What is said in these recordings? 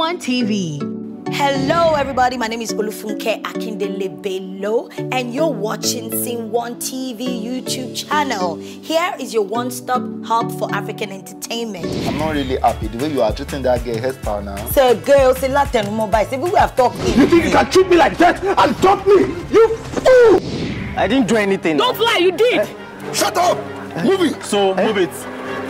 One TV. Hello, everybody. My name is Olufunke Akindele Bello, and you're watching Sing One TV YouTube channel. Here is your one-stop hub for African entertainment. I'm not really happy the way you are treating that girl hairstyle now. say, girl, say Latin mobile. Say we have talked. You think you can treat me like that and dump me? You fool! I didn't do anything. Don't lie, you did. Uh, Shut up. Uh, move it. So uh, move it.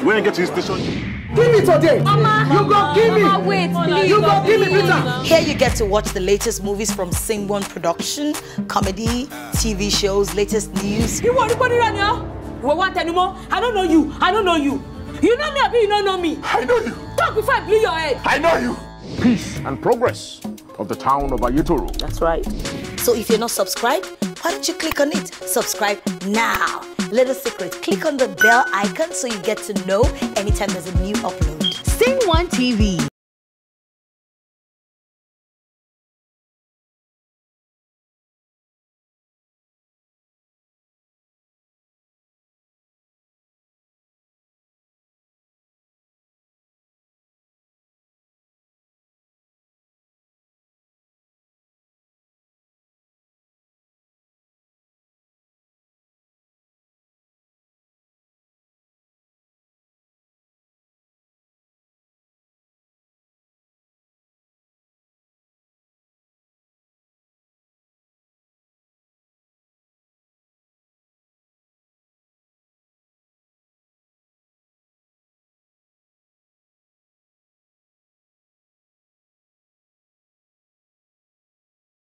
When you get to the station. Give me today. Mama, you go give me. Mama, wait, please. You go give me Here you get to watch the latest movies from One Production, comedy, TV shows, latest news. You want anybody right now? You want anymore? I don't know you. I don't know you. You know me, Abi. You don't know me. I know you. Talk before I blew your head. I know you. Peace and progress of the town of Ayutoro. That's right. So if you're not subscribed, why don't you click on it? Subscribe now. Little secret, click on the bell icon so you get to know anytime there's a new upload. Sing One TV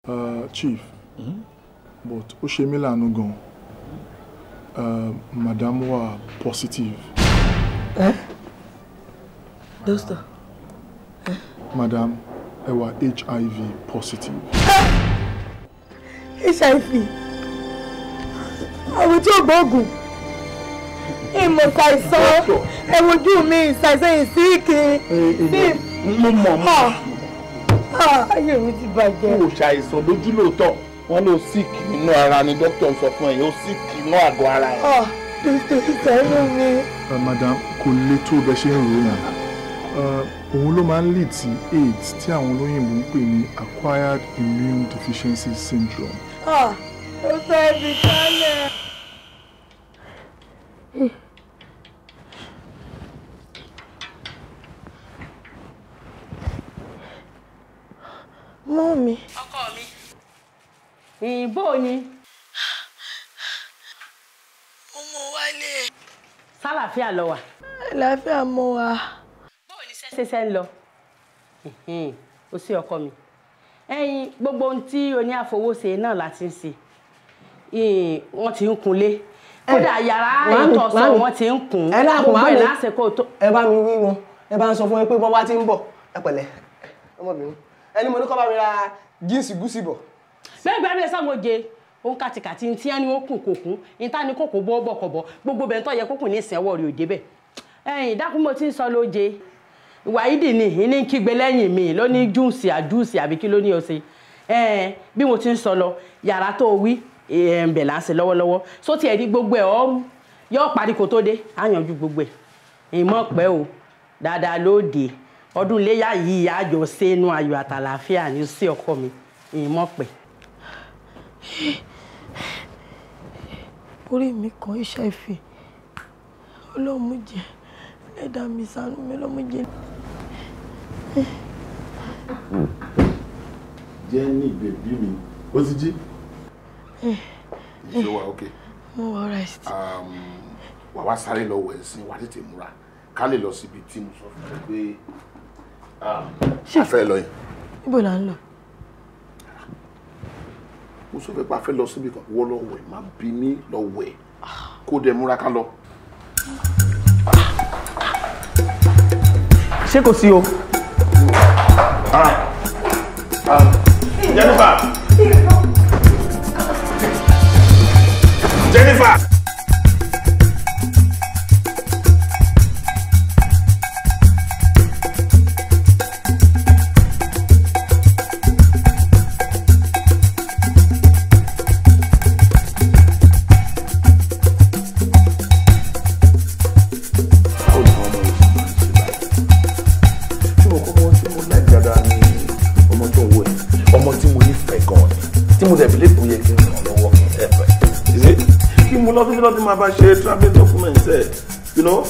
Uh, chief mm-hmm. but ó ṣe mí láàánú gan uh, madam wa positive. Eh? Uh, Dostor. Eh? madam ẹ wà hiv positive. hiv àwọn tí ó gbóògùn ìmọ̀ ṣàìsàn ẹ̀wọ̀n ojú mi ṣàìsàn ìsíkì. Eh, eh, mo mọ̀ mọ́. Ah ayé mi ti bàjẹ́. kò ṣàìsàn lójú lóòótọ́ wọn ló sick nínú ara ni dókítà ń sọ fún ẹ yóò sick nínú àgọ́ ara ẹ. tètè sẹ́nu mi. Ah, madam kò lè tó bẹ ṣe ń ròyìn ah, òun ló máa ń lead sí aids tí àwọn olóyìnbó ń pè ní acquired immune deficiency syndrome. Ah, ó fẹ́ bí kálẹ̀. mọ́ mi. ọkọ mi. ìbò ni. mo mọ wálé. sálàáfíà lọ wà. àlàáfíà mọ wa. bóò ni sẹ́sẹ́ sẹ́ ń lọ. o sí ọkọ mi ẹ̀yin gbogbo ohun tí oní àfọwọ́sẹ náà láti ń ṣe wọ́n ti ń kunlé kódà yàrá ìtọ̀sán wọ́n ti ń kùn gbogbo ẹ̀ lásìkò tó. ẹ bá mi wí wọn ẹ bá ń sọ fún mi pé bọ́ bá ti ń bọ̀ ẹ pẹ̀lẹ́ ọmọbìnrin ẹni mo ní kọ́ bá mi ra jíǹsì gúúsì bọ̀. bẹ́ẹ̀ gbẹ́rù ẹ sáwọn oje ó ń kàtìkàtì ní tíyẹn ni ó kùn kò kún ní tá ni kò kò bọ́ bọ̀kọ̀bọ̀ gbogbo bẹ̀ ń tọ́ yẹ kó kùn ní ìsẹ́wọ́ rí òde bẹ́ẹ̀. ẹ̀yin dákun mo ti ń sọ lóje wàhídì ni ìní ń kígbe lẹ́yìn mi ló ní júùsì àjúùsì àbí kí ló ní ọ̀sẹ̀ bí mo ti ń sọ lọ yàrá tó wí ẹ̀ǹbẹ̀ là ń ṣe lọ́wọ́lọ́wọ́ só tiẹ̀ rí gbogbo ẹ̀ ọ́ yọ parí kó tó dé á gbogbo ẹ̀ ìmọ̀ pẹ́ o dáadáa lóde ọdún iléyà yìí àjọ sẹ́nu ayọ̀ àtàlàáfíà ní sí ọkọ mi ìmọ̀ pẹ̀. orí mi kan iṣẹ́ ìfẹ́ ọlọ́mú jẹ ẹ̀dá mi ṣàánú mi ọlọ́mú jẹ. Jenny bèbí mi ó ti jí. ìṣòwò eh, ok. mo wọ ọ̀rọ̀ ẹ̀sìn. wàá wá sáré lọ wẹ̀ sí wàá tètè múra ká lè lọ síbi tí mo sọ fún mi pé ṣe àfẹ́ lọ yẹn. níbo la ń lọ. mo sọ fẹ́ pa fẹ́ lọ síbi kan wọ́ lọ́wọ́ ẹ̀ má bí mi lọ́wọ́ ẹ̀ kó dẹ̀ múra ká lọ. ṣé kò sí o. Ah, ah. Jennifer. máa bá ṣe travel document ẹ̀ you know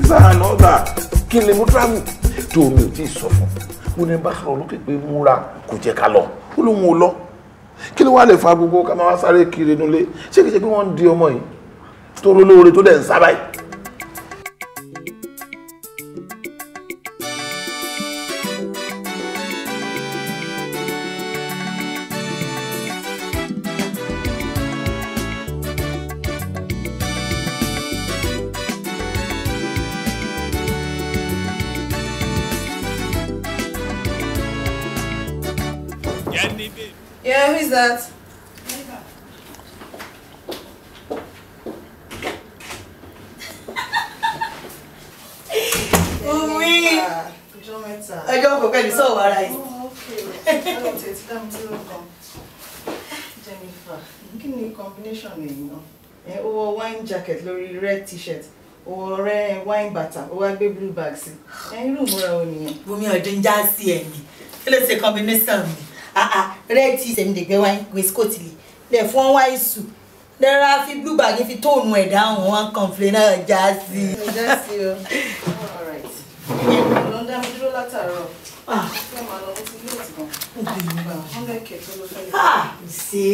visa and all that. kí ni mo travel tó mi ò tí ì sọ fún mo ní bá a rọ lókè pé múra kò jẹ́ ká lọ ó lóun ò lọ kí ló wá lè fa gbogbo ká máa wá sáré kiri nulẹ̀ ṣé kìí ṣe pé wọ́n di ọmọ yìí tó lólóore tó dẹ̀ ń sábà yìí. ọjọ́ mẹ́ta ọjọ́ kò pẹ̀lú Okay. ara yìí. Oh, Jennifer kí ni combination you know. ó wine jacket lórí red t-shirt ó wọ wine bàtà ó wá gbé blue bag sí irú know wo nìyẹn. Bùnmi ọdún já sí ẹ mi kí ló ṣe combination ah, ah, red t-shirt mi the wine with lè The phone wine suit lẹ́ra fi blue bag fi tóònù ẹ̀ dáhùn wọn complain náà já All right dá mi dúró látàárọ̀. Ah. fẹ́ máa lọ sí ilé ìtìkan. wọ́n lè kẹ̀ tó ló fẹ́ lọ. Ah, ṣé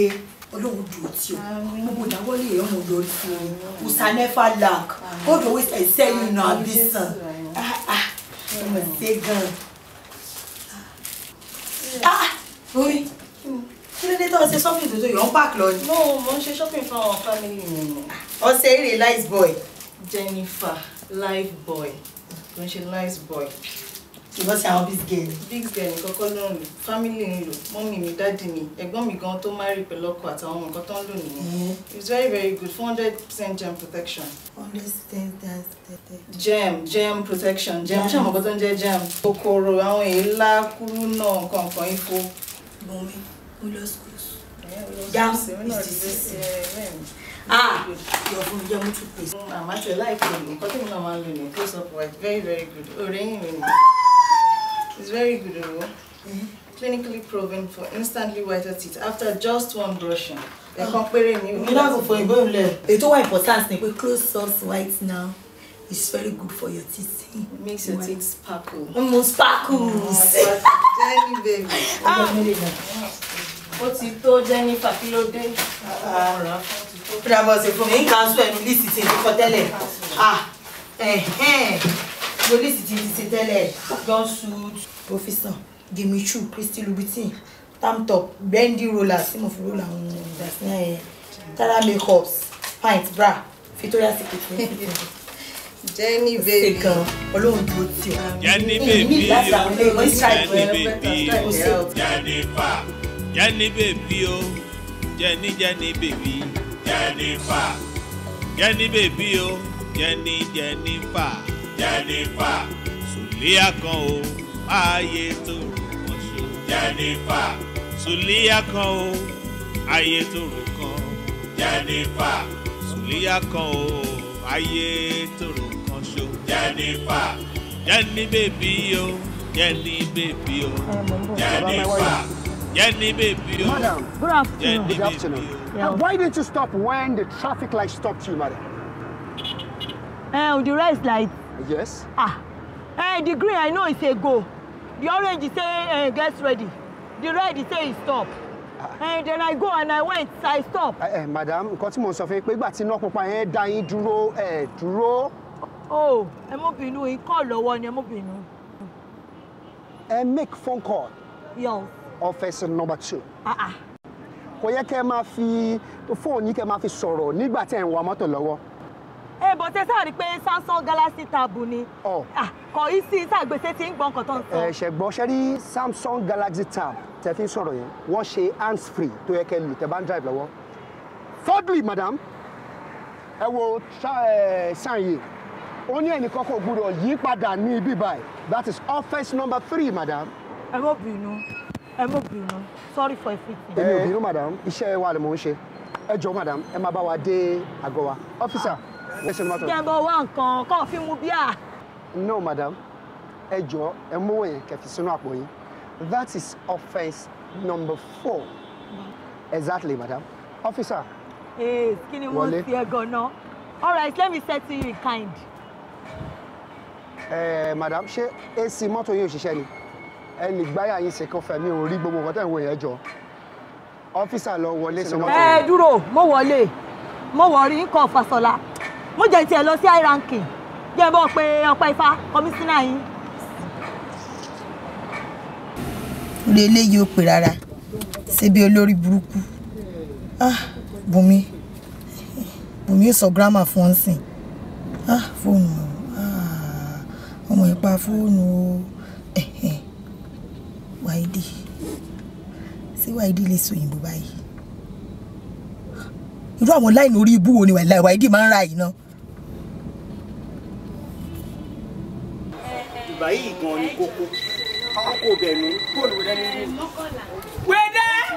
always excel you na abisan ọmọ ṣe gan. Ah, omi kí ló dé tó ṣe shopping tó tó yọ̀ ń pààkì lọ ni. mo mo ń family mi ni. ọ̀sẹ̀ èrè boy. Jennifer life boy kò ń ṣe nice boy because you are big girl. big girl nìkan kọ́ ló ń family ń lò mọ́mì mi dáàdì mi ẹ̀gbọ́n mi gan tó márì pẹ̀lú ọkọ àtàwọn nǹkan tó ń lò nìyẹn it's very very good four hundred percent gem protection. hundred percent that's gem gem protection gem ṣé àwọn nǹkan tó ń jẹ́ gem. kòkòrò àwọn èélá kúrú náà kọ̀ọ̀kan ifo. bùnmi ó lọ school. yam is disease. Ah, your phone jẹ́ mú tún pèsè. Àmọ́ àti ẹ̀ láìpẹ́ nǹkan tí mo náà máa ń lò ní close up white very very good. Ọ̀rẹ́yìn mi ni. It's very good, Owo. Mm -hmm. Clinically proven for instantly whiter teeth after just one brushing. Ẹ̀kan péré ni o. Nígbà kò fọ ìgbó ìlẹ̀. Ètò wà important ni pé close source white now It's very good for your teeth. It makes your teeth sparkle. Mo sparkles. Ah, Jenny baby. Ah. Ó ti tó Jennifer kí ló dé? Ah. Ó dàbọ̀ sí fún mi. Ní kàásù ẹ̀mí lísìtì ní Eh pólísì ti ṣe tẹ́lẹ̀ don suit professor dimichu christy lubitin tamtop bendy rollers tí mo fi roll àwọn ìdásílẹ̀ ẹ̀ tara makeups pint bra victoria secret jenny baby kan olóhùn dúró tí o jenny baby o oh. jenny baby o jennifer jenny baby o oh. jenny jenny baby jennifer jenny baby o oh. jenny jennifer. Jennifer Sulia kan o ayé tó rò kan ṣo. Jennifer Sulia kan o ayé tó rò kan. Jennifer Sulia kan o ayé tó rò kan ṣo. Jennifer bèbí o Jenny bèbí o Jennifer. Jenny bèbí o. Madam, good afternoon. Yeah. Why didn't you stop when the traffic light stopped you, madam? Uh, the red light Yes. Ah, hey, eh, the green I know is a go. The orange is say uh, eh, gets ready. The red is say stop. Ah. And eh, then I go and I went, I stop. Eh, eh, madam, nǹkan tí mo sọ fún yín pé ìgbà tí iná pupa yẹn Oh, I'm mú bínú, call the one. I'm mú bínú. Ẹ make phone call. Yes. Officer number two. Ah ah. Kò yẹ kẹ́ ẹ fi phone? Ni kẹ́ ẹ fi sọ̀rọ̀ nígbà tí ẹ̀ ń wa ẹ bọ̀ tẹ sáà rí i pé Samsung Galaxy Tab ni ah, kò í sí sàgbèsè tí ń gbọ́n kọ̀tọ̀ ń sọ. ẹ ṣẹ̀gbọ́n ṣe rí Samsung Galaxy Tab tẹ fi ń sọ̀rọ̀ yẹn wọ́n ṣe hands free tó yẹ kẹ́ lù tẹ bá ń drive lọ́wọ́. thirdly madam ẹ wo sànyè ó ní ẹnìkan kò gbúdọ̀ yí padà ní ibi báyìí that is office number three madam. ẹ mọ̀ bínú ẹ mọ̀ bínú sorry for everything. èmi ò bínú madam iṣẹ́ wa ni mò ń ṣe ẹ jọ̀ọ́ madam ẹ máa bá wa dé àgọ́ wa ọ́fíìsà. No, madam. Ẹ jọ̀ọ́ ẹ mówó fi sínú àpò yín. That is offence number four. Exactly, madam. Officer. Ee, kí ni ti ẹ gan All right, let me settle you in kind. Ẹ madam, she AC mọ́tò yóò ṣiṣẹ́ ni? Ẹnì gbáyà yín ṣe kan fẹ̀mí òun rí gbogbo nǹkan tẹ̀ ń wo yẹn jọ. Ọ́fíìsà lọ wọlé sí mọ́tò yẹn. Ẹ mo wọlé, mo wọ̀ rí Fasola mo jẹ́ tiẹ̀ lọ sí high ranking jẹ́ bọ́ pé ọpẹ́ ifá kọmísínà yín. orí eléyìí ò pè rárá síbi olórí burúkú ah, bùnmi bùnmi ò sọ gírámà fún ọ́n sìn ah, fóònù ah, ọmọ ìpa fóònù wáìdì sí wáìdì lè sọ òyìnbó báyìí irú àwọn láìní orí ibú wo ni wàìdì máa ń ra yìí náà. bàbá yìí gan ni kókó kókó bẹ̀nu bóòlù wẹ́dẹ́ ní ìlú. wẹ́dẹ́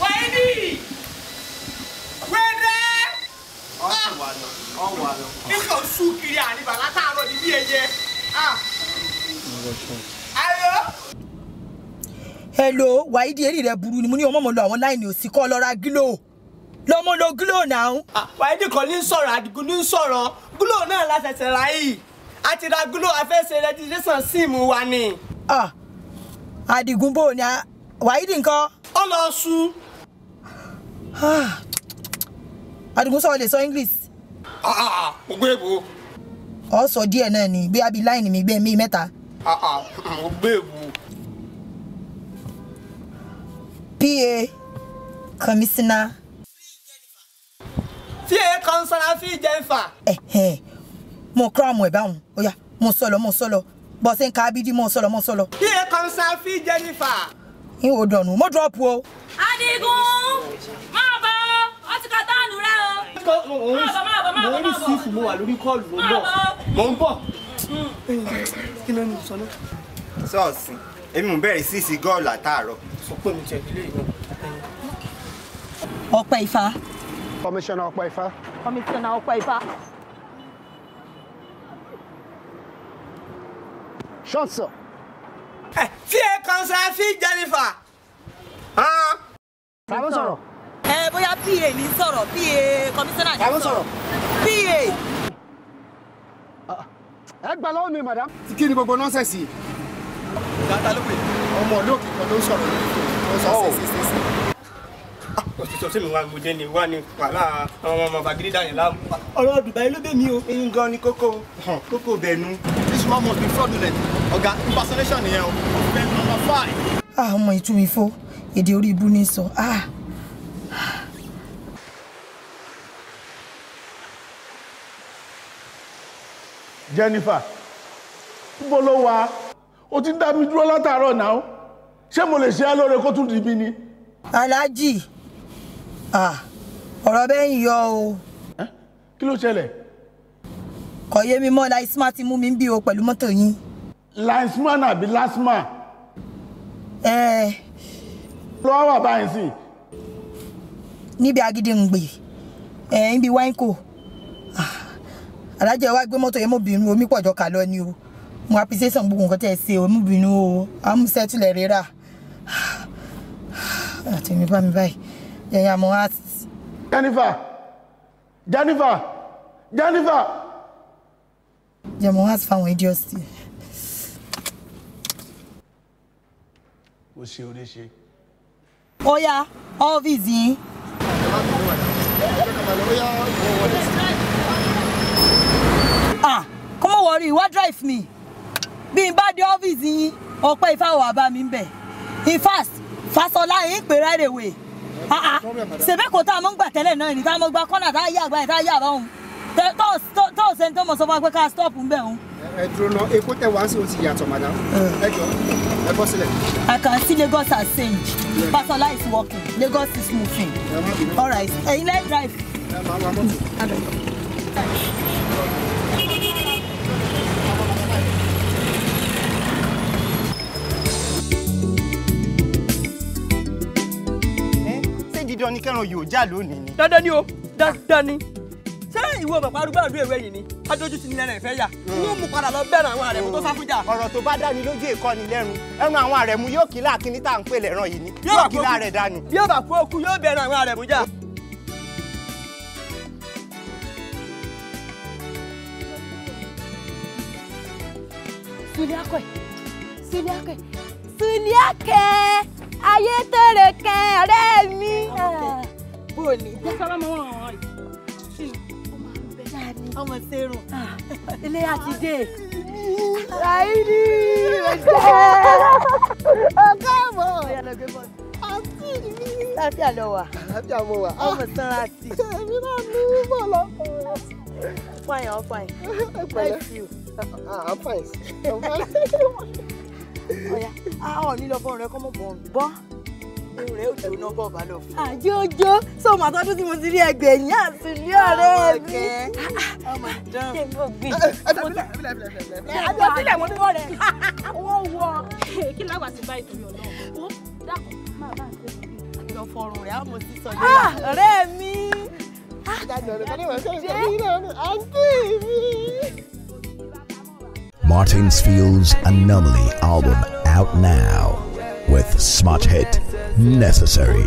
wáyébí wẹ́dẹ́. ọ̀hún wà lọ nígbà oṣù kiri àníbà látàárọ̀ ní bí ẹyẹ. ayọ̀. hello wáyídì eré rẹ burú ni mo ní ọmọ mọ̀ lọ àwọn láìní òsì kọ́ lọ́ra gílò lọmọ lo glo náà. wáyídì kan ní sọ̀rọ̀ àdìgún ní sọ̀rọ̀ glo náà láṣẹṣẹ̀ ráyìí a ti ra glo sim wa ni. àdìgún bò ní wàhídì nǹkan. ó lọ sùn. àdìgún sọ̀rọ̀ lè sọ english. mo gbé èbò. ọ sọ díẹ̀ náà ni bí abi láìní mi gbé mi mẹ́ta. mo gbé èbò. pa commissioner. pa commissioner fi jennifer mo kọ́ àmọ́ ẹ̀ báwọn ó mo sọ lọ mo sọ lọ bọ́ sí nǹkan abídí mo sọ lọ mo sọ lọ. here comes Safi Jennifer. n ò dọ̀nù mo drop o. adigun máa bọ ọ ti ka táànù rẹ o. máa bọ máa bọ máa bọ máa bọ. mo ń rí sífù mo wà lórí kọ́ọ̀lù mo ń bọ̀ mo ń bọ̀. Hmm. kí ló ń sọ náà. sọ́ọ̀sì èmi mò bẹ̀rẹ̀ sí sí gọ́ọ̀lù àtàárọ̀. sọ ifá. kọmíṣánná ọpẹ́ ifá. kọmíṣánná ọpẹ́ ifá. Chanson. Fíè kansa fi Jennifer. Ta ló sọ̀rọ̀? Ẹ bóyá PA ní sọ̀rọ̀ PA kọmíṣánná ní sọ̀rọ̀. Ta ló sọ̀rọ̀? PA. Ẹ gbà lọ́wọ́ mi, madam. Kí ni gbogbo nọ́ọ̀sẹ̀sì yìí? Ìdáta ló pè ọmọ olóòkè Oh. ló ń sọ̀rọ̀ ló ń sọ oh. sísísísí. Ah, Òṣìṣẹ́ tí Oh, oh, oh, ni wá ní wàhálà àwọn ọmọ bàgídí dàní láàmú. Ọ̀rọ̀ Dubai ló bẹ̀ mí o. Eyín gan ni kókó kókó bẹ̀nu this one must be fraudulent ọ̀gá impersonation nìyẹn o number five. ah my two before. èdè orí ibú ní so. ah. Jennifer Bolo wa. wà o ti ń dá mi dúró látàárọ̀ náà ṣé mo lè ṣe é lóore kó tún di mí ni. aláàjì ah, ọ̀rọ̀ bẹ́ẹ̀ ń yọ o. kí ló kò yé mi mọ́ láìsímà ti mú mi ń bí o pẹ̀lú mọ́tò yín. láìsímà nàbí lásímà. ẹ. lọ́wọ́ wà báyìí sí. níbi agídí ń gbè ẹ̀ bi wáńkò ah, alájẹ wa gbé mọ́tò yẹn omi pọ̀jọ́ kà lọ ni o mo appreciation gbogbo nǹkan tẹ́ ẹ ṣe o amúṣẹ́tulẹ̀ rírà ah, àti mi bá mi báyìí Jennifer Jennifer Jennifer. yẹ mo house fáwọn idiocy. o ṣe oríṣi. ó yá ọ́fíìsì yín. ah kọ́mọ wọrí wá drive me? bí n bá dé ọ́fíìsì yín ọpẹ́ ìfáwọ̀ àbá mi ń bẹ̀ in fast fasola yín pè right away ah, ah. kò tá a mọ̀ ń gbà tẹ́lẹ̀ náà ní tá a mọ̀ gba kọ́nà tá a yá àgbà yẹn tá a yá tó ò sẹ́ni tó mọ̀ sọ fún wa pé ká stop ń bẹ̀ òun. ẹ dúró náà èkó tẹ wá sí o ti yàtọ̀ madam eh. ẹ jọ ẹ bọ́ sílẹ̀. I can see Lagos has changed Fasola is working Lagos is moving all right ẹ̀yin lẹ́yìn drive. ẹ máa wá mọ́tò. Eh, dandan ni kẹran yóò já lónìí ni. dandan ni o dandan ni. ṣé ìwọ mọ̀ èwe yìí ni adójú ti nílẹ̀ rẹ̀ fẹ́ yà hmm. yóò mú padà lọ bẹ́ẹ̀rẹ̀ àwọn àrẹ̀mú tó sáfújà. ọ̀rọ̀ tó bá lójú ẹnu àwọn àrẹ̀mú yóò kí láàkíní tá à ń pè lẹ́ràn yìí ni yóò kí láàrẹ̀ dání. yóò kú yóò bẹ̀rẹ̀ àwọn àrẹ̀mú jà. kọ́mọ sẹ́rùn. Ah. ilé àti dé. Raidi ẹ̀jẹ̀ ọ̀gá ọmọ. àti mi. láfíà lọ wà. láfíà mo wà. Ah. ọmọ sanra sí. èmi náà ní bọ̀ lọ. fine ah, i'm fine. thank you. i'm fine. ọ̀ya a ò ní lọ bọ́ọ̀rù rẹ kọ́mọ bọ̀ọ̀rù. bọ́ inú rẹ̀ jóná bọ̀ bá lọ fún. àjọjọ sọ ma tọdún tí mo ti rí ẹgbẹ̀yìn àti ní ọ̀rẹ́ mi. ọmọ dán. ṣé mo gbìn. àbí ọtí lẹ̀ mo ní wọ́n rẹ̀. wọ́n wọ kí láwà sí báyìí Martinsfield's Anomaly album out now with Smart Hit necessary.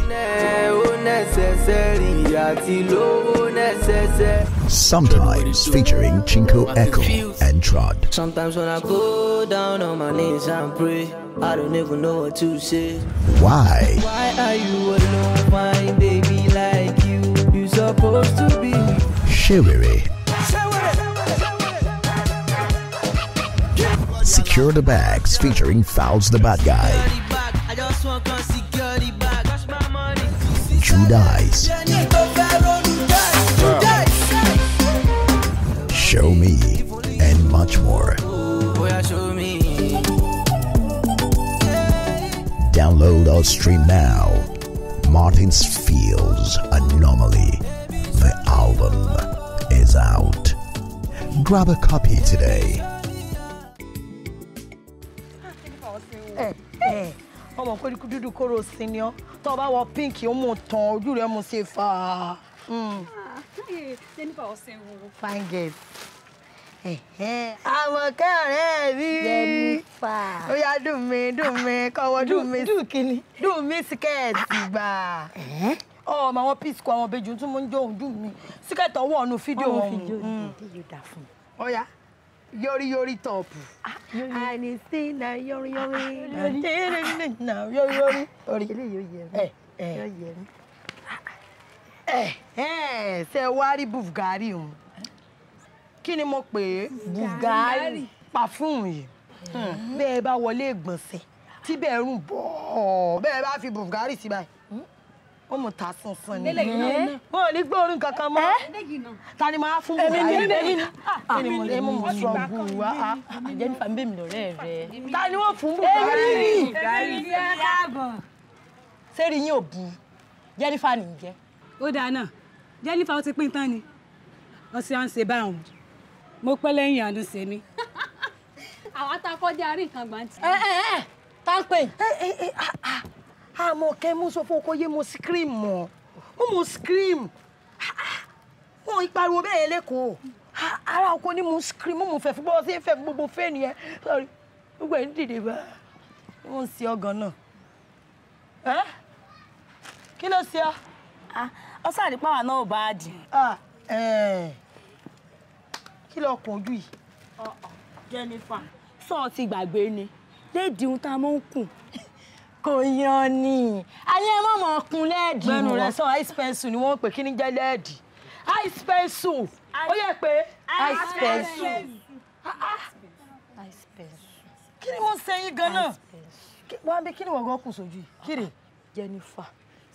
Sometimes featuring Chinko Echo and Trod. Sometimes when I go down on my knees and pray, I don't even know what to say. Why? Why are you alone, my baby, like you? You supposed to be. Shiriri. Secure the bags featuring Fouls the Bad Guy. he dies. Show me and much more. Download or stream now. Martin's Fields Anomaly. The album is out. Grab a copy today. mọ̀ pé dúdú kóró sí ni ọ́ tó o bá wọ pínkì ó mú tán ojú rẹ̀ mú ṣe fà á. Jennifer ọ̀sẹ̀ wo. fine girl. Àmọ̀kẹ́ ọ̀rẹ́ mi. Jennifer. Ó yá dùn mí dùn mí kọ́wọ́ dùn mí. Dùn kíni. Dùn mí síkẹ́ẹ̀tì gbà ọmọ àwọn píìsì kọ àwọn ìbejì tó mú ń jọ òun dùn mí síkẹ́ẹ̀tì ọwọ́ ọ̀nù fídíò wọn. ọmọ fídíò yìí hmm. dé yóò dà fún mi. ọ̀ya yori yori top. àní sí na yori yori na yori yori. orí ilé yori yori. mí. yóò yẹ mí. Eh, eh. eh, ṣe wá rí wari o um. Kini mo pè é Bufgari pàfúùmù yìí hmm. bẹ́ẹ̀ bá wọlé ìgbọ̀nsẹ̀ tí bẹ́ẹ̀ rùn bọ́ọ̀ bẹ́ẹ̀ fi Bufgari si báyìí ó mú ta sunsun ni ó ní gbọ́ kankan mọ́ ta ni máa fún wa èmi ni èmi ah, ah, mú sọ bù wá a ah, ń bẹ̀ mí lọ́rẹ́ rẹ ta ni wọ́n fún bù wá rí sẹ́rí yín ò bu jẹ́nifà ní ó dáa náà jẹ́nifà ó ti pín tán ni ọ̀sẹ̀ à ń ṣe mo pẹ́ lẹ́yìn àánú ṣe mí. àwa tá kọjá rí nǹkan gbàǹtì. ẹ ẹ ẹ tá a pè. Àmọ̀kẹ́ ah, mo sọ fún ọkọ yé mo scream mọ́ mo mo scream mo ìpariwo bẹ́ẹ̀ lẹ́kọ̀ọ́ ara ọkọ ni mo scream mo mo fẹ́ fún bọ́ọ̀ sí fẹ́ fún gbogbo fẹ́ nìyẹn sorry gbogbo ẹ̀ ń dìde bá mo ń ṣe ọgàn náà kí ló ṣe ọ. ọsàn àdìpá wa náà ò bá a dì. Ah, eh. kí ló kàn ojú yìí. Oh, oh. Jennifer sọ ọ ti gbàgbé ni léèdì ohun tá a mọ̀ ń kùn kò yan ni ayé ẹ mọ̀mọ́ ọkùn lẹ́ẹ̀dì gbẹnu rẹ sọ ice pencil ni wọ́n ń pè kí ni jẹ́ lẹ́ẹ̀dì ice pencil ó yẹ pé ice pencil kí ni mo ń sẹ́yìn gan-an wọ́n á bí kí ni wọ́n gan kù sójú yìí kí ni. Jennifer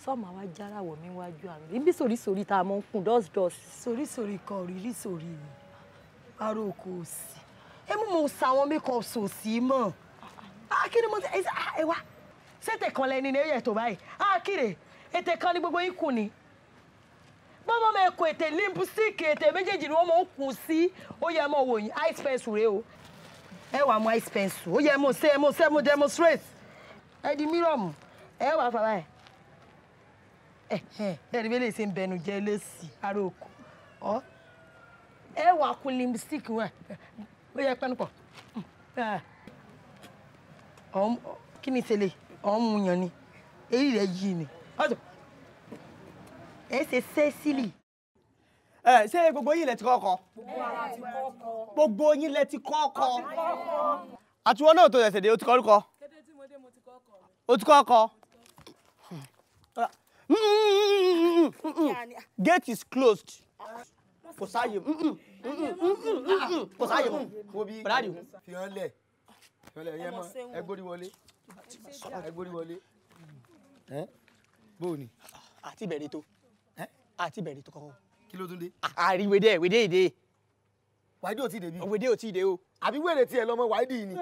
sọmọ àwa jára wọ̀ wájú àrùn ibi sòrísòrí tá a mọ̀ ń kun dọ́sdọ́sì. sòrísòrí kan ò sòrí mi ara òkò òsì ẹ mú mo sa àwọn mẹ́kọ̀ọ́ sòsì mọ́ ah, kí ni mo ṣe ẹ ah, wá sétè kan lẹni ní ẹ̀yẹ̀ tó báyìí ákìrè ètè kan ní gbogbo yín kù ni bọ́mọ mọ ẹ̀kọ́ ètè límbù síìkì ètè méjèèjì ni wọ́n mọ̀ ń kù sí ó yẹ wò yín ice pencil rèé o ẹ wà mọ ice pencil ó yẹ mọ̀ ṣe mọ̀ ṣe mọ̀ demonstrate ẹ di mírọ̀mù ẹ wà fàbá ẹ ẹ ẹ rí bẹ́lẹ̀ ṣe ń bẹnu jẹ́ lẹ́sì ara òkú ọ ẹ wà kún límbù síìkì wọn ó yẹ pẹ́nu pọ̀ hm, kí ni ìṣẹ̀lẹ̀ yìí ọ̀hún yan ni èyí rẹ̀ yìí ni ẹ ṣe sẹ́sílì. ẹ ṣé gbogbo yín lẹ ti kọ́kọ́ gbogbo yín lẹ ti kọ́kọ́ àtiwọ́n náà tó ẹsẹ̀ dé o ti kọ́ lukọ́ o ti kọ́kọ́ gate is closed kò sáàyè kò sáàyè kò bí. fìhàn lẹ̀ fìhàn lẹ̀ ẹ gbórí wọlé hmm. bó o ní. àti ìbẹ̀rẹ̀ tó àti ìbẹ̀rẹ̀ tó kọ́kọ́. kí ló tún dé. àrí ah, wedé wedé èdè. wáìdì ò tí ì dé bí. wedé ò tí ì dé o. àbí wèrè tiẹ̀ lọ́mọ wáìdì ni.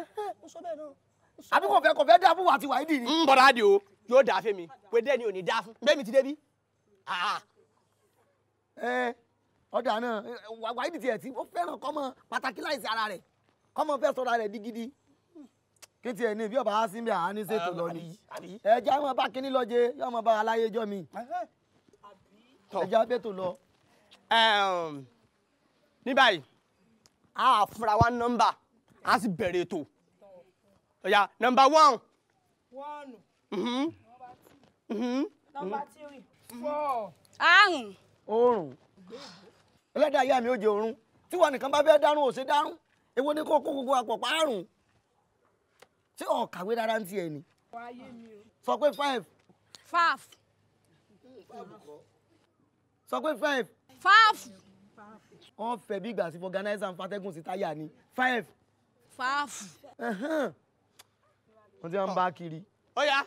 àbí kò fẹ́ kò fẹ́ dá fún wa ti wáìdì ni. ń bọ̀dá di o yóò dá fún mi wedé ni ò ní dá fún bẹ́ẹ̀ mi ti dé bí. Ah, ah. ẹ ọ̀dà náà wáìdì tiẹ̀ tí ó fẹ́ràn kọ́mọ pàtàkì láìsí ara rẹ̀ kọ́mọ fẹ́ sọ̀rọ̀ kí tiẹ̀ ní bí ọba á sí bí àá ní ṣètò lọ ni ẹja ọmọ bá kíní lọ jẹ yọmọ bá aláyé jọ mi ẹja bẹ́tò lọ. ní báyìí a fúnra wa nọ́mbà a sì bẹ̀rẹ̀ ètò ọ̀yà nọ́mbà one. one. Mm-hmm. Mm-hmm. nọ́mbà mm-hmm. three. four. àrùn. oòrùn ẹlẹ́dàá ìyá mi ò jẹ oòrùn tí wọn nìkan bá fẹ́ dárún ò ṣe dárún èwo ni kó kó gbogbo àpọ̀ pààrùn ṣé ọ̀kàwé rárá ń tiẹ̀ ni. sọ pé five. five. sọ pé five. five. wọ́n fẹ́ bí ìgbà sí fọ̀gánáísà ń fatẹ́gùn sí táyà ni five. five. wọ́n ti wọ́n ń bá kiri. ó yá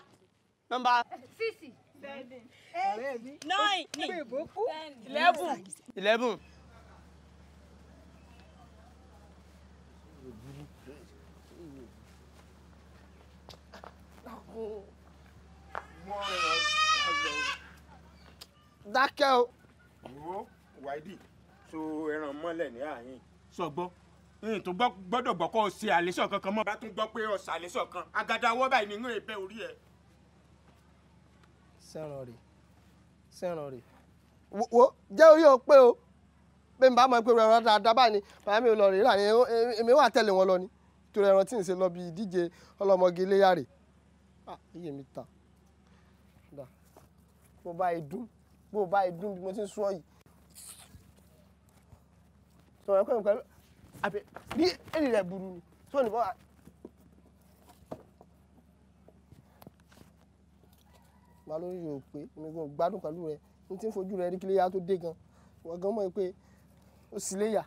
nọ́mbà. six seven eight nine eleven eleven. dákẹ́ o. wo wáìdì so ẹran mọ́lẹ̀ ní àyìn. sọgbọ́ n tó gbọ́dọ̀ gbọ́ kó o ṣe àlésọ̀ kankan mọ́. bá tún gbọ́ pé ọ̀sà àlésọ̀ kan agada ọwọ́ báyìí ni yóò bẹ́ orí ẹ̀. sẹ́ràn rè sẹ́ràn rè wo jẹ́ orí o pé o pé n bá mọ̀ pé ẹran dáadáa báyìí ni bàbá mi ò lọ rèé rà ni èmi wà tẹ̀lé wọn lọ ni torí ẹran tí ń ṣe lọ bí ìdíje ọlọ́mọge iléyà rèé. Ah, iye mi ta dá bó bá yìí dún bó bá yìí dún bí mo ti ń sọ yìí sọ ẹ kọ́ ẹ̀ pẹ̀lú àbẹ bí èrè rẹ̀ burú ni sọ ní bọ́ ma ló ń yọ pé mi kò gbádùn pẹ̀lú rẹ̀ n ti ń fojú rẹ̀ rí kílẹ̀ yá tó dé gan wọ́n gan mọ̀ pé ó sì léyà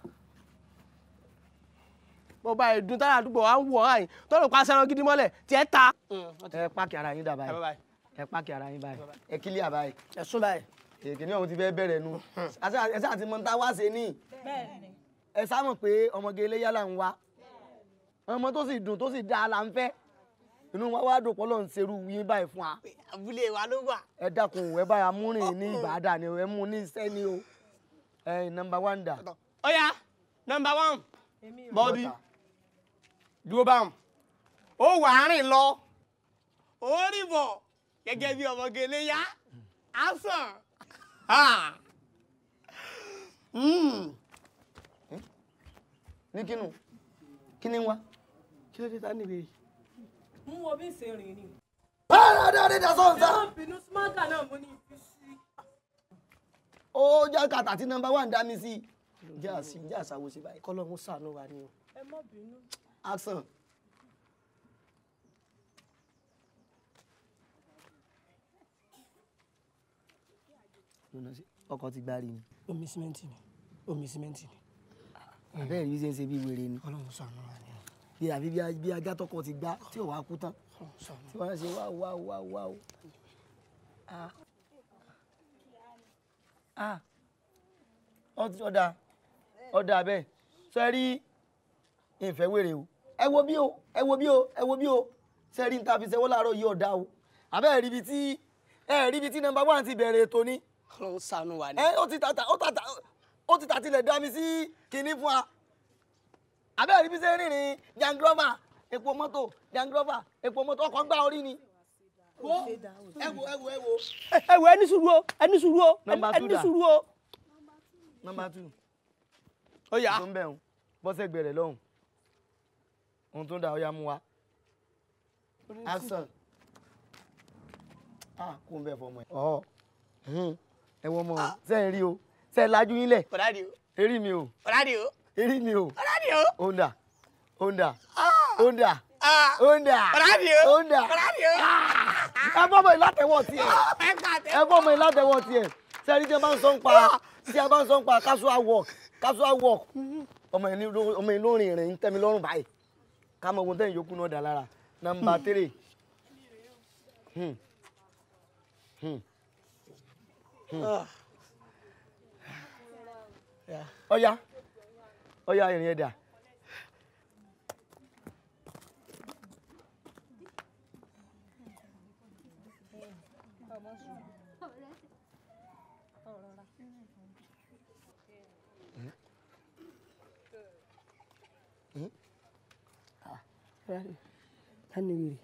bó bá ẹ̀dùn tára àdúgbò wa ń wọ̀ ọ́ àyìn tọ́lọ̀ pa aṣọ gidi mọ́lẹ̀ tiẹ̀ ta. Mm, ẹ páàkì ara yín dà báyìí ẹ páàkì ara yín báyìí ẹ kílí àbáyìí. ẹ sún báyìí. èkìní ọ̀hún ti fẹ́ bẹ̀rẹ̀ nu ẹ sáà ti mọ ta wá ṣe ní. ẹ sá mọ̀ pé ọmọge eléyà là ń wa ọmọ tó sì dùn tó sì dáa là ń fẹ́ inú wa wá dòpọ̀ lọ́n ṣerú yín báyìí fún wa. abúlé wa ló wà. ẹ dákun ẹ bá amúrin ní ìbàdàn ni ẹ mú ní sẹ́ni o ẹ nọmba one dà. ọ̀ya number one bọ́ọ̀bì dúró báwọn ó wà á rìn lọ ó rìn bọ̀ gẹ́gẹ́ bí ọmọge iléyá á sàn. Hmm. ní kínú kí ni wá kí ló dé ta níbi yìí. mú wo bí ṣe rìn ni. báyọ̀ dé ọdẹ dasọ nsá. ẹ̀rọ bínú smarter náà mo ní ibi sí. ó jẹ́ kàtà tí nọ́mbà wà ń dá mi sí jẹ́ àṣàwọ̀ sí báyìí kọ́lọ́hún ṣàánú wa ni o. ẹ má bínú action. ọkọ̀ ti gbárí ni. omi símẹ́ǹtì ni omi símẹ́ǹtì ni. àbẹ́rẹ́ yìí ṣe ń ṣe bí wèrè ni. ọlọ́run ṣàánú wa ni. bí àbí bí ajá tọkọ ti gbá tí ò wá kú tán. tí wọ́n ṣe wá wá wá wá o. ọ̀dà ọ̀dà bẹ́ẹ̀ sọ ẹ rí ìfẹ́ wèrè o ẹ wo bí o ẹ wo bí o ẹ wo bí o sẹ́rí níta fi ṣẹ́wọ́ láàárọ̀ yìí ọ̀dà o àbẹ́ ẹ̀ ríbi tí ẹ̀ ríbi tí nọ́mbà one ti bẹ̀rẹ̀ ètò ni. ọlọ́run ṣàánú wa ni. ẹ ó ti tàtà ó tàtà ó ti tàtilẹ̀ dá mi sí kinní fún wa àbẹ́ ẹ̀ ríbi ṣe rìnrìn jangrọ́mà epo mọ́tò jangrọ́mà epo mọ́tò ọkọ̀ ń gbá orí ni wo ẹ wo ẹ wo ẹ wo. ẹ wo ẹni sùúrù o ẹni suru o ẹni suru o. nọ́mbà two. ó yá. ló ń bẹ̀ ń bọ́sẹ̀ gbẹ̀rẹ̀ lọ́hùn ohun tó ń da ọyá mú wa action ah kó n bẹ fọmọ ẹ ọ ẹ wọ ọmọ ah. ṣe ń rí o ṣe ń lajú yín lẹ eré mi o eré mi o onda onda onda onda onda ẹ bọ́ ọmọ yìí látẹ̀wọ̀ tiẹ̀ ẹ bọ́ ọmọ yìí látẹ̀wọ̀ tiẹ̀ ṣe ẹni tí a bá ń sọ ń pa ah. tí a bá ń sọ ń pa casual work casual work ọmọ yìí ló rìn rìn ń tẹ́ mi lọ́rùn báyìí ká mọ ohun tẹ́yìn yòókù náà dà lára nọmba hmm. three hmm. hmm. ah. ọ̀ya ọ̀ya ìrìn ẹ̀dà. tani wèrè.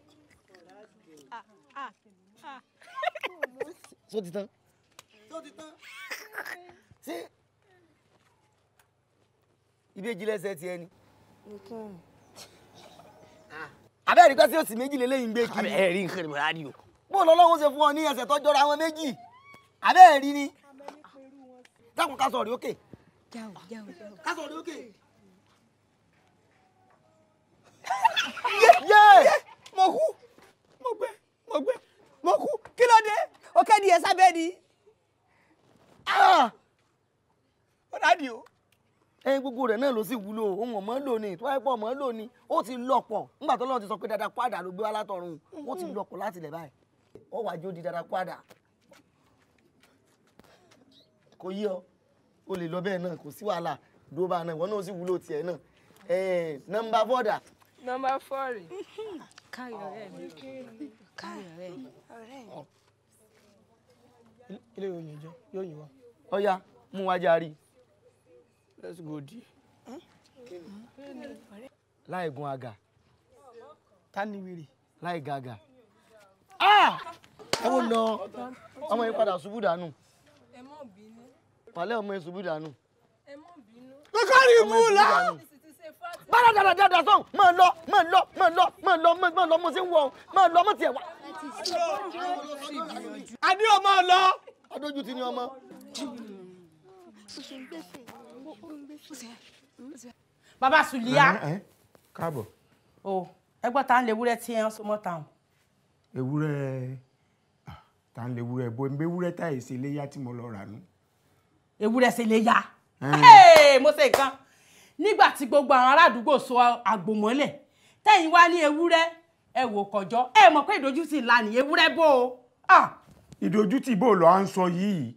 so ti tán. so ti tán. ṣé ìbejì lẹ́sẹ̀ tiẹ̀ ni. Ah, abẹ́rẹ́ ìgbà tí yóò sì méjì lélẹ́yìn gbé kiri. ẹ̀rí nǹkan ìbò rádìo. bó lọ́lọ́wọ́ ṣe fún ọ ní ẹsẹ̀ tó jọra àwọn méjì abẹ́rẹ́ rí ni. dákun ká sọ̀rọ̀ òkè. jáwé jáwé yé mo kú mo gbé mo gbé mo kú kí ló dé o kẹ́ di ẹ sábẹ́ ni ah! ó dàdí o. ẹyin gbogbo rẹ náà ló sì wúlò ohun ọmọ lò ní tó wáyé pọ ọmọ lò ní ó ti lọ́pọ̀ nígbà tó lọ́run ti sọ pé dada kwada ló gbé wá látọ̀run ó mm-hmm. ti lọ́pọ̀ láti lẹ̀ báyìí ó wàá jó di dada kwada kò yí ọ o lè lọ bẹ́ẹ̀ náà kò sí wàhálà dúró bá náà ìwọ náà ó sì wúlò tiẹ̀ náà nọmba bọ́dà nọ́mbà fọ́ọ̀rì. káyọ̀ ọ̀rẹ́ mi Carry ọ̀rẹ́ mi. ilé yóò yìn jẹ yóò yìn wá. ọ̀ya mú wá járí let's go di. láì gun àgà. ta ni wèrè. láì gàgà. Ah! ẹ wo lọ ọmọ yìí padà ṣubú dànù. ẹ mọ̀ bínú. pàlẹ́ ọmọ yìí ṣubú dànù. ẹ mọ̀ bínú. kókó rí mú la bára dàda dàda sọ̀hún máa lọ máa lọ máa lọ máa lọ máa lọ mo ti ń wọ̀ ọ́n máa lọ mo ti ẹ̀ a ní ọmọ lọ. adójú ti baba suliya. káàbọ̀. o ẹgbọ́n ta ń lè wúrẹ́ tí ẹ ń so mọ́ ta hàn. ewúrẹ́ ta ń lè wúrẹ́ bo ń bẹ wúrẹ́ tá èsì léyà mo lọ rà nù. ewúrẹ́ ṣe lè yá. mo ṣe nígbà tí gbogbo àwọn aládùúgbò so àgbò mọ́lẹ̀ tẹ̀yìn wá ní ewúrẹ́ ẹ wò kọjọ́ ẹ mọ̀ pé ìdójútì ńlá ní ewúrẹ́ bó o. ìdójútì bó lọ à ń sọ yìí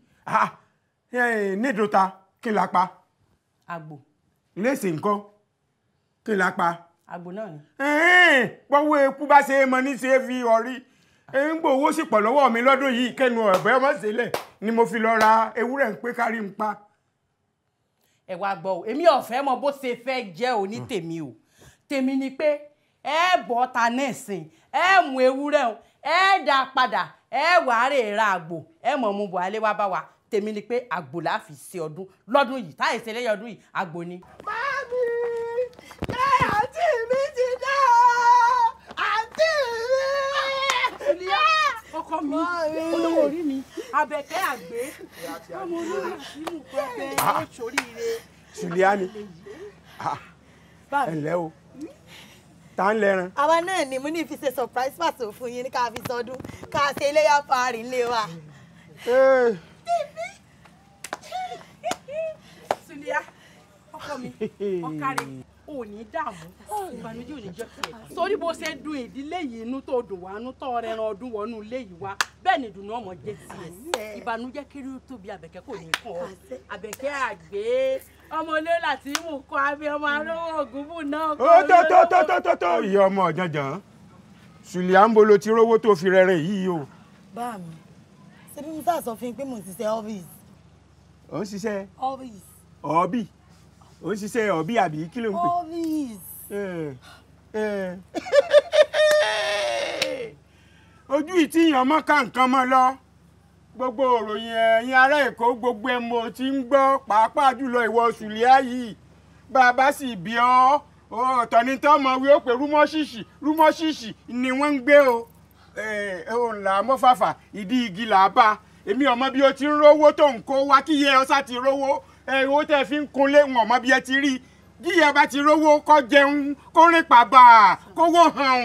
nídòta kí n la pa. àgbò. léèsì nǹkan kí n la pa. àgbò náà ni. pọ́wọ́ eku bá ṣe é mọ ní ṣe é fi ọrí ń gbọ́ owó sì pọ̀ lọ́wọ́ mi lọ́dún yìí kẹ́nu ọ̀bẹ ọmọ sílẹ̀ ni mo fi lọ ra ewúrẹ́ ń pé kárí ń pa ẹ wá gbọ́ o èmi ọ̀fẹ́ mọ bó ṣe fẹ́ jẹ́ o hmm. tèmi o tèmi ni pé ẹ bọ́ ta náà sìn ẹ mú ewúrẹ́ o ẹ dá padà ẹ wà á rè ra àgbò ẹ mọ̀ mu bọ̀ alẹ́ wá bá wa tèmi ni pé àgbò la fi ṣe ọdún lọ́dún yìí táyì ṣe lẹ́yìn ọdún yìí àgbò ni. máa mi láì. ọkọ mi olówó orí mi abẹ́kẹ́ àgbẹ̀ ọmọ olórí ìṣímù pẹpẹ ìṣoríire. Ah. Sùlíánì ah. ẹ o ta ń lẹran. àwa náà ni mo ní fi surprise pàṣẹ fún yín ká fi sọdún ká ṣe iléyà parí ilé wa. Eh. Sùlíá ọkọ mi ọkàrẹ ò ní dààmú ìbànújẹ́ ò ní jẹ́ tiẹ̀ sórí bó ṣe dùn ìdílé yìí inú tó dùn wá inú tó rẹran ọdún wọnú ilé yìí wá bẹ́ẹ̀ ni ìdùnnú ọmọ jẹ́ tiẹ̀ ìbànújẹ́ kiri tóbi àbẹ̀kẹ́ kò ní kàn ọ́ àbẹ̀kẹ́ àgbẹ̀ ọmọ olóyè láti mú kọ abẹ ọmọ arówó ògúnbù náà kọ olóyè. ó tó tó tó tó tó tó ìyá ọmọ ọ̀jọ̀jọ̀n sùlẹ̀ à ń bolo ti rówó tó fi rẹ̀rẹ̀ yìí o. bá mi ṣe bí mo sá sọ fún yín pé mo ń ṣiṣẹ́ ọ́fíìsì. ò ń ṣiṣẹ́. ọ́fíìsì. ọ̀ọ́bì ò ń ṣiṣẹ́ ọ̀bí àbí kí ló ń pè. ojú ìtìyàn mọ́ ká nǹkan mọ́ lọ gbogbo òròyìn ẹ̀yin ará èkó gbogbo ẹ̀ mo ti ń gbọ́ pàápàá jùlọ ìwọ sùlíà yìí bàbá sì bí ọ́ ọ̀tọ̀ ni tó mọ̀ wí ó pé rúmọ́ṣíṣì rúmọ́ṣíṣì ni wọ́n ń gbé o òun là mọ́ fàfà ìdí igi là bá èmi ọmọ bí o ti ń rówó tó ń kó wá kíyẹ ọ sá ti rówó ẹ̀rọ tẹ́ fi ń kunlé wọn mọ́ bí ẹ ti rí bá ti rówó kọ́ jẹun kó rìn pàbà kówó hàn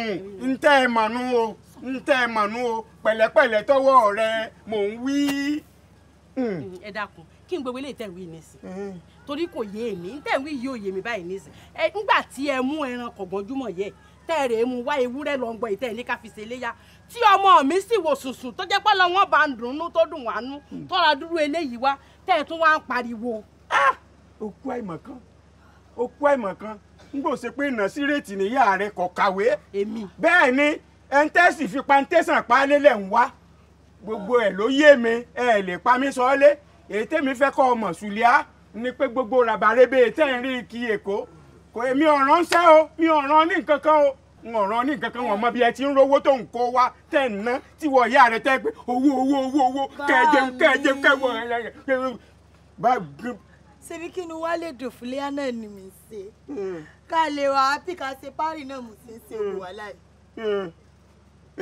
ń tẹ́ ẹ mọ̀nú o ń tẹ́ o pẹ̀lẹ́pẹ̀lẹ́ tọwọ́ rẹ mò ń wí. Mm. ẹ dákun kí n gbowó ilé nísìn torí kò yé èmi yìí ò yé mi báyìí nísìn nígbà tí ẹ mú ẹran kọ̀gbọ́njúmọ̀ yẹ wá ewúrẹ́ lọ gbọ́ ní tí ọmọ mi sì wò tẹ́ ẹ tún wá ń pariwo. Ah! òkú àìmọ̀ kan òkú àìmọ̀ kan n kò ṣe pé iná sírètì níyà rẹ kò kàwé. èmi. bẹ́ẹ̀ ni ẹ̀ńtẹ́sì fi pàǹtẹ́sàn pa lélẹ̀ ń wá gbogbo ẹ̀ ló yé mi ẹ̀ lè pa mí sọ lé èyí tèmi fẹ́ kọ́ ọmọ sùlíà ni pé gbogbo ràbàrẹ́bẹ̀ tẹ́ ń rí kí èkó kò èmi ọ̀ràn ń sẹ́ o mi ọ̀ràn ní nǹkan kan o wọn ràn ní nǹkan kan wọn mọ bí ẹ ti ń rówó tó ń kó wa tẹ ń ná tí wọ ìyá rẹ tẹ pé owó owó owó owó kẹjẹun kẹjẹun kẹwọn bá. ṣebí kí ni wàá lè dùn fún léyà náà ni mi ṣe hmm. ká lè wà á ká ṣe párì náà mo ṣe ń ṣe òwò hmm. aláì. Hmm.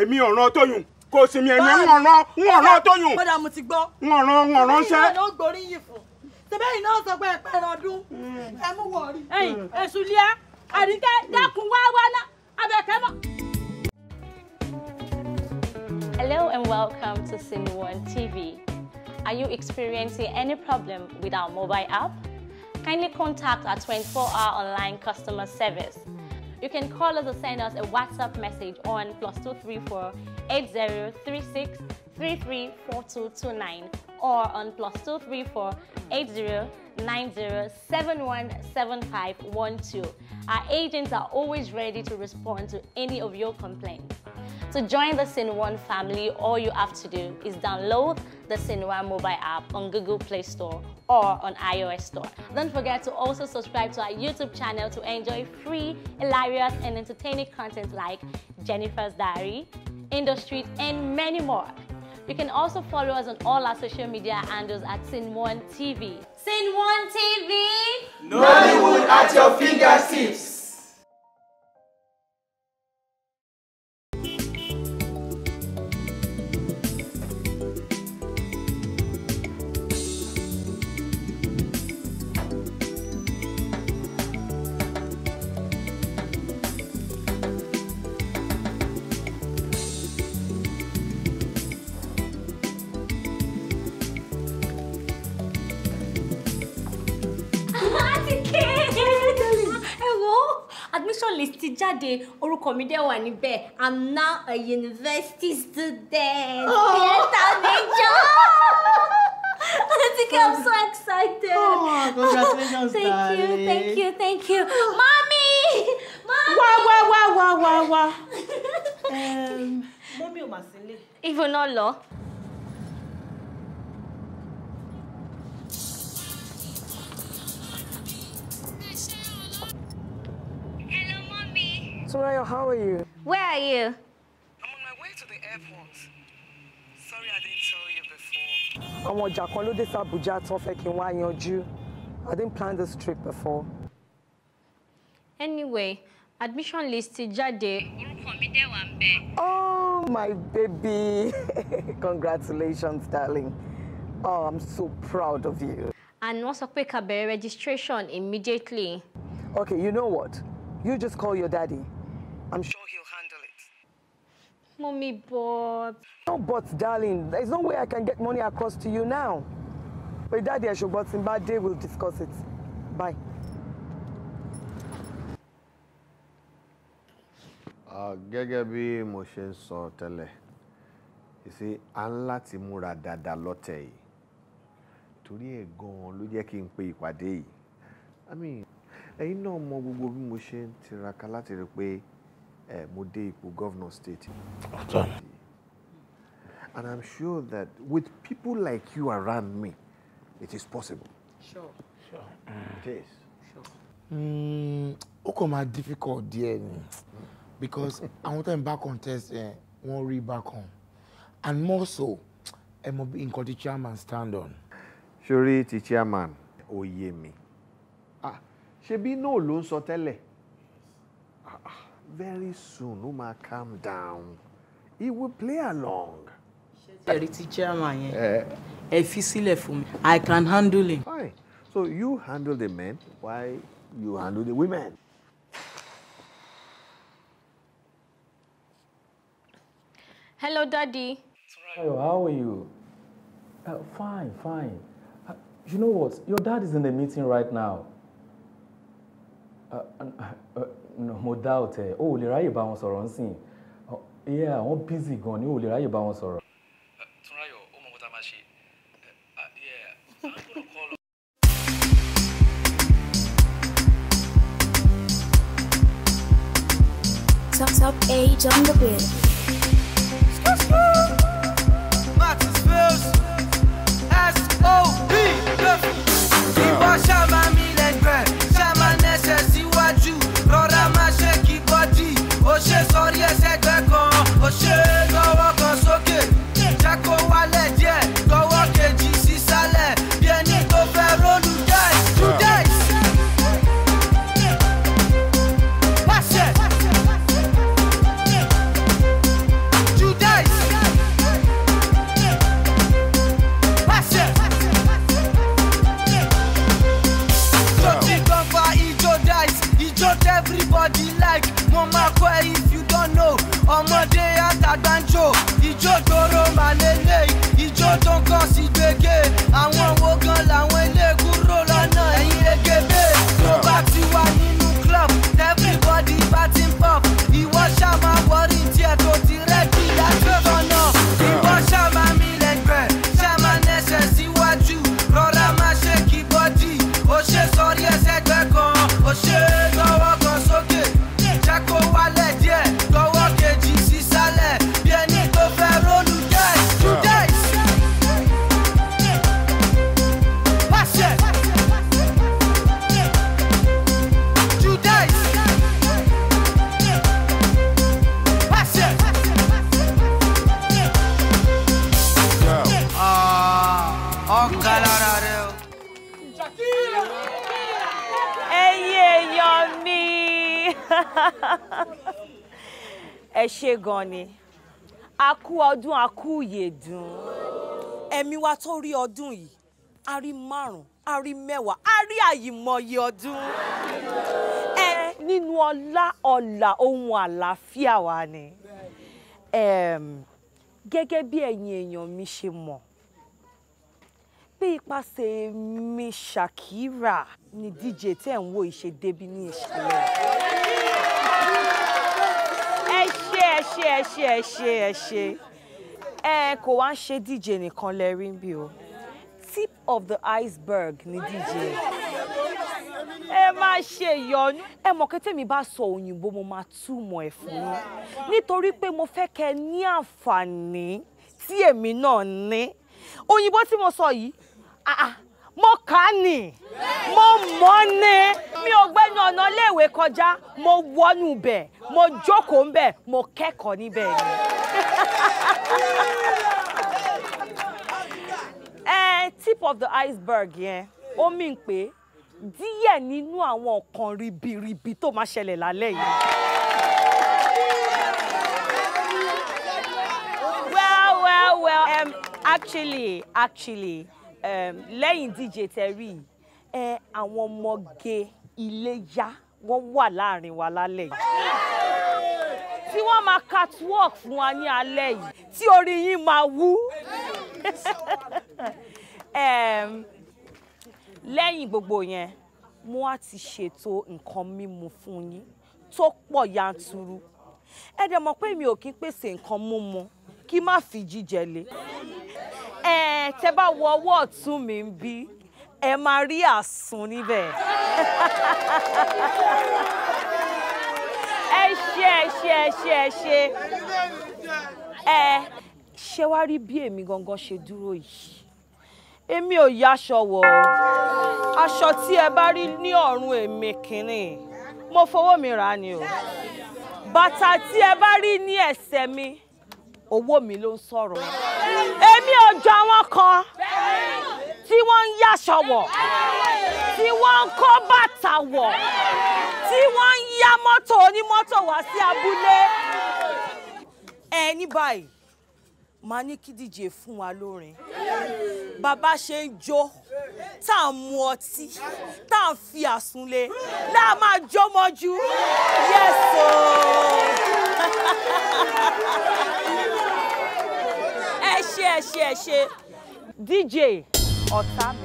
èmi ọ̀ràn tóyùn kò sí mi ẹni ńwọ̀nrán ńwọ̀nrán tóyùn. padà mo ti gbọ́. ńwọ̀nrán ńwọ̀nrán ṣẹ́. ìyá ló gborí yìí fún. ṣebí ẹ̀yin náà sọ pé ẹ pẹ́ràn ọdún ẹ mú wọ̀ọ́rí. ẹ̀yin ẹ̀sùn lẹ́yà àdìgẹ́ dákun wá wá náà. Hello and welcome to Simuan TV. Are you experiencing any problem with our mobile app? Kindly contact our 24-hour online customer service. You can call us or send us a WhatsApp message on plus 234 8036 334229 or on plus 234 Our agents are always ready to respond to any of your complaints. To join the Sinwan family, all you have to do is download the Sinwan mobile app on Google Play Store or on iOS Store. Don't forget to also subscribe to our YouTube channel to enjoy free, hilarious and entertaining content like Jennifer's Diary, Industry and many more. You can also follow us on all our social media handles at Sin1 TV. Sin1 TV! Nollywood at your fingertips! jáde orúkọ mi dẹ̀ wà níbẹ̀ i'm now a university student theatre major. I I'm so excited. Oh, congratulations, Thank darling. you, thank you, thank you. Mommy! Mommy! wow, wow, wow, wow, wow. wá. Mọ́mí ò mà sílé. Ivo náà lọ. Soraya, how are you? Where are you? I'm on my way to the airport. Sorry I didn't tell you before. Ọmọ ọjà kan ló dé sí Abuja tán fẹ́ kí n wá yanjú. I didn't plan this trip before. Anyway, admission list ti jáde. Orúkọ mi dẹ̀ wà ń bẹ̀. Oh my baby! Congratulations darling. Oh, I'm so proud of you. And wọ́n sọ pé ká bẹ̀rẹ̀ registration immediately. Okay, you know what? You just call your daddy. I'm sure he'll handle it. Mommy, but... No but, darling. There's no way I can get money across to you now. But Daddy, I should but in bad day, we'll discuss it. Bye. Ah, gẹ́gẹ́ bí mo ṣe ń sọ tẹ́lẹ̀ ìsí à ń láti múra dáadáa lọ́tẹ̀ yìí torí ẹ̀ gan-an ló jẹ́ kí n pe ìpàdé yìí ẹ̀yin náà mọ gbogbo bí mo ṣe tiraka láti rí i eh, mo dé ipò state. Awesome. And I'm sure that with people like you around me, it is possible. Sure. Sure. Mm. It is. Sure. Hmm. ó kàn máa difficult díẹ̀ ni because àwọn tó ń bá contest yẹn wọ́n rí bákan and more so ẹ mọ bí nǹkan The chairman stand on. sori the chairman ó yé mi ah, ṣebí náà ló ń sọ tẹ́lẹ̀. Ah, ah very soon Uma, calm down he will play along. ẹ̀rí ti chairman yẹn ẹ fi sílẹ̀ fún mi I can handle him. fine so you handle the men Why you handle the women. Hello, Daddy. Hello, how are you? Uh, fine, fine. Uh, you know what? Your dad is in the meeting right now. Uh, uh, uh, mo doubt ẹ o ò lè ráyè bá wọn sọ̀rọ̀ nsìn iye àwọn busy gan ni o ò lè ráyè bá wọn sọ̀rọ̀. Top top age on the bill. tó ń kọ́ sí àwọn. ẹ ṣe gan ni a kú ọdún a kú ìyèdùn. ẹ̀mí wa tó rí ọdún yìí a rí márùn-ún a rí mẹ́wàá a rí àyìmọye ọdún. ẹ nínú ọlá ọlà ohun àlàáfíà wa ni gẹ́gẹ́ bí ẹ̀yin èèyàn mi ṣe mọ̀ bí ipasẹ̀ mi Shakira ni DJ tẹ̀ ń wo ìṣe débi ní ìṣẹ̀lẹ̀ ṣe ẹ ṣe ẹ ṣe ẹ ṣe ẹ ṣe ẹ kò wá ń ṣe DJ nìkan lẹ bí o tip of the iceberg ni DJ ẹ má ṣe yọnu ẹ mọ̀ kí mi bá sọ òyìnbó mo máa túmọ̀ ẹ̀ fún yín nítorí pé mo fẹ́ kẹ́ ní àǹfààní tí èmi náà ní òyìnbó tí mo sọ yìí ah mo kà á nì mo mọ̀ ni mi ò gbẹ́nu ọ̀nà iléèwé kọjá mo wọnú bẹ̀ mo jókòó ń bẹ̀ mo kẹ́kọ̀ọ́ níbẹ̀ ni. ẹ tip of the iceberg yẹn ó mì ń pé díẹ̀ nínú àwọn nǹkan ribiribi tó máa ṣẹlẹ̀ lálẹ́ yìí. well well well um, actually actually Um, lẹ́yìn díje tẹ́rí àwọn ọmọge iléyá wọ́n wà láàrin wa lálẹ́ yìí tí wọ́n máa catwalk fún wa ní alẹ́ yìí tí orí yín máa wú lẹ́yìn gbogbo yẹn mo á ti ṣètò nǹkan mímu fún yín tó pọ̀ yanturu ẹ dẹ̀ mọ̀ pé mi ò kí ń pèsè nǹkan mímu kí má fi jíjẹ lé ẹ tẹ bá wọ ọwọ́ ọ̀tún mi ń bí ẹ máa rí àsun níbẹ̀ ẹ ṣe ẹ ṣe ẹ ṣe ẹ ṣe ẹ ṣe wá rí bí èmi gangan ṣe dúró yìí èmi ò yáṣọ wọ̀ aṣọ tí ẹ bá rí ní ọ̀run èmi kìíní mo fowó mi rà ni o bàtà tí ẹ bá rí ní ẹsẹ̀ mi owó mi ló ń sọ̀rọ̀ èmi ò jọ àwọn kan tí wọ́n ń yàṣọ wọ̀ tí wọ́n ń kó bàtà wọ̀ tí wọ́n ń yá mọ́tò onímọ́tò wá sí abúlé ẹ ní báyìí màá ní kí díje fún wa lórin bàbá ṣe ń jó tá à ń mu ọtí tá à ń fi àsúnlé láà máa jó mọ́jú yẹ́sọ̀ọ́. ẹ ṣe ẹ ṣe DJ ọ̀tá mi.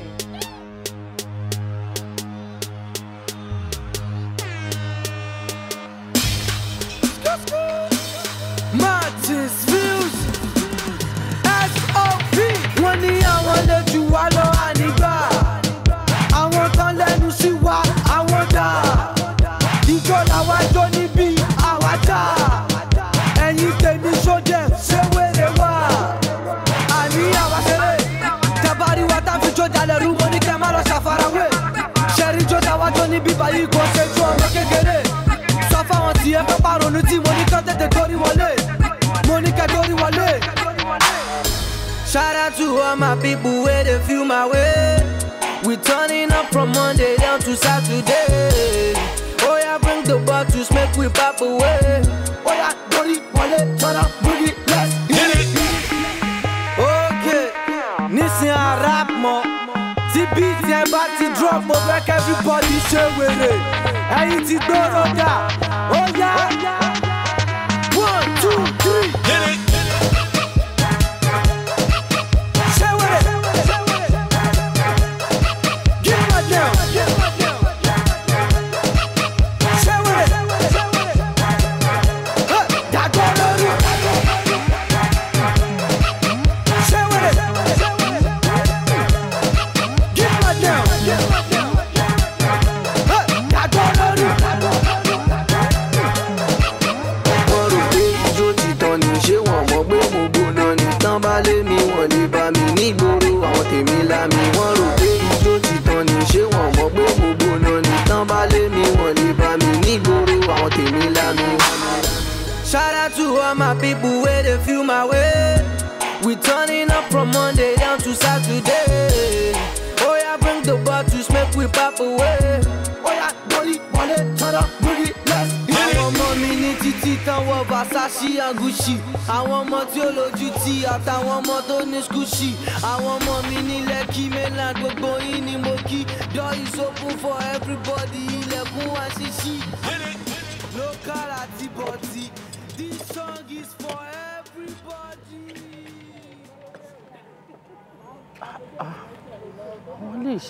ní bíbá yìí kò ṣe ju ọmọ kékeré sọ fáwọn tí ẹ fẹ́ pàrọ̀nù tí mo ní kán tètè torí wọlé mo ní kẹ́ torí wọlé. Shout out to all my people where they feel my way. We turning up from Monday down to Saturday. Oh yeah, bring the bottles, make we pop away. Oh yeah, Dory, Wale, Tara, Boogie, let's get it. Okay, nísìnyí rap mọ́, tí beat yẹn bá ti drop mo fẹ́ ṣe wèrè ẹ̀yin ti gbọ́rọ̀ dà ó yá.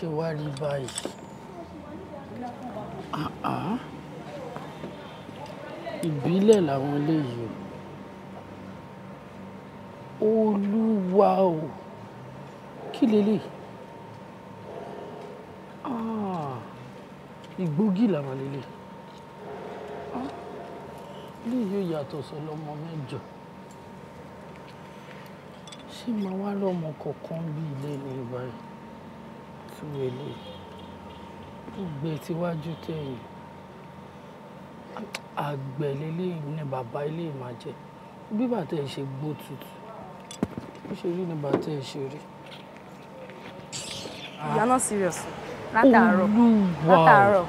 ṣe wá rí báyìí? Àá, ìbílẹ̀ làwọn eléyìí o. Olúwa o, kí leléyìí? Ah, ìgbógi làwọn eléyìí. Ah, eléyìí ò yàtọ̀ sọ́lọ́mọ mẹ́jọ ṣé màá wá lọ́mọ kọ̀ọ̀kan bí ilé ní báyìí tún ilé gbẹ tíwájú tẹ̀yìn àgbẹ̀ lélẹ̀ ni bàbá ilé máa jẹ bí bàtà ẹ̀ ṣe gbó tutù ó ṣe rí ni bàtà ẹ̀ ṣe rí. you are not serious látàárọ̀ látàárọ̀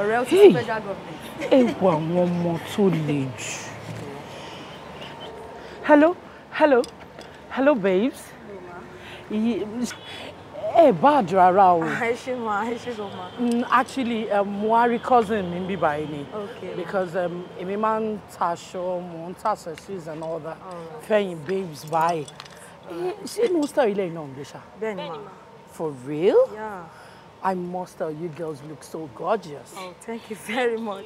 ọ̀rẹ́ ó ti sí federal government. ẹ àwọn ọmọ tó le jù. hello hello hello babes. Eh, ẹ bá àdúrà rà o. ẹ ṣe mà ẹ ṣe gan ma. Mm, actually muhari um, cousin mi ń bí báyìí ni. okay because um, èmi máa ń taṣọ mò ń taṣọ shoes and all that fẹ̀yìn babes báyìí. Eh, ṣé mo sọ ilé iná òǹgbẹ ṣá. bẹ́ẹ̀ni ma. for real. Yeah. I must tell you girls look so gorgeous. Oh, thank you very much.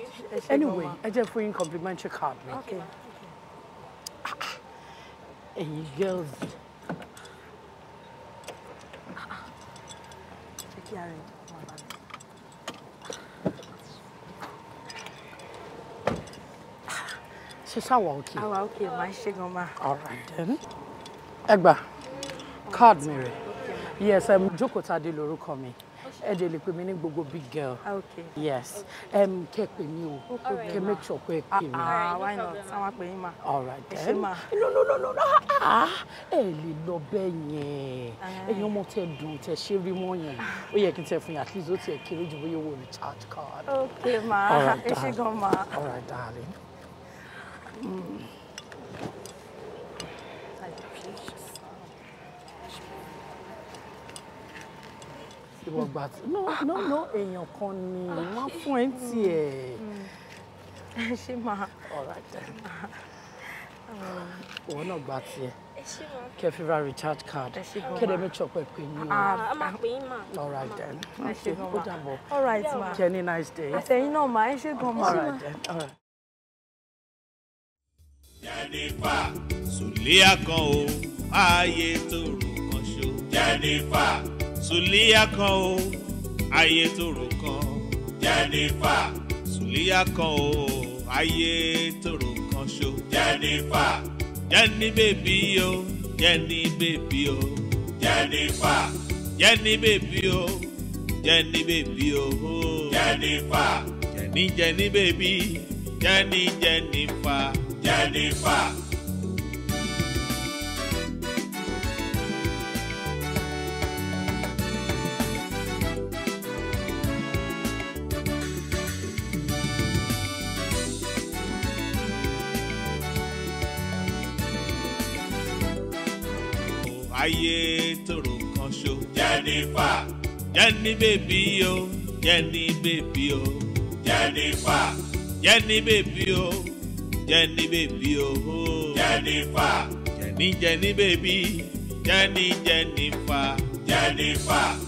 Anyway, ẹ jẹ́ fún yín complimentary card mi. Okay. You girls. are ready. Ṣé ṣàwà òkè? Àwà òkè máa ma. All right then. Ẹgbà, káàdì mi rẹ̀. Yes, Jókòtadé lorúkọ mi ẹ dẹ̀ lè pè mí ní gbogbo big girl. Ah, okay yes M. kẹ́ pè mí o kẹ́ make sure pé pè mí. ah why not sáwọn pè yín ma. all right ẹ ṣe ma. no no no no no ah, ah. ẹ lè lọ bẹ́ẹ̀ yẹn ah. ẹ̀yin ọmọ tẹ dùn tẹ ṣe rí mọ́ yẹn ó yẹ kí n tẹ fún yín at least ó tiẹ̀ kéré ju bóyá owó recharge card. okay ma ẹ ṣe gan ma. all right darling. Mm. ìwọ̀gbà tí no no no èèyàn kan ni wọ́n fún ẹ ti ẹ̀. ẹ ṣe máa. ọ̀ráìtẹ̀ òun ah. náà gba tiẹ̀ kẹ́ fi ra recharge card kéde mi chop ẹ pé yín o. Ah, a máa pè yín mà. alright then okay ó dàbọ̀ alright ma kẹ́ ní nice day. àtẹ̀yìn náà mà ẹ ṣe gan ma. alright then alright. Jennifer Sùlíà o ààyè tó rò kan ṣo. Jennifer sùlíyà kan o ayé tòrò kan. Jennifer. sùlíyà kan o ayé tòrò kan ṣo. Jennifer. Jenny bèbí o Jenny bèbí o. Jennifer. Jenny bèbí o Jenny bèbí o. Jennifer. Jenny Jenny bèbí Jenny Jennifer. Jennifer. Jennifer. Jenny baby oh, Jenny baby oh, Jennifer. Jenny baby oh, Jenny baby oh, Jennifer. Jenny Jenny baby, Jenny Jennifer. Jennifer.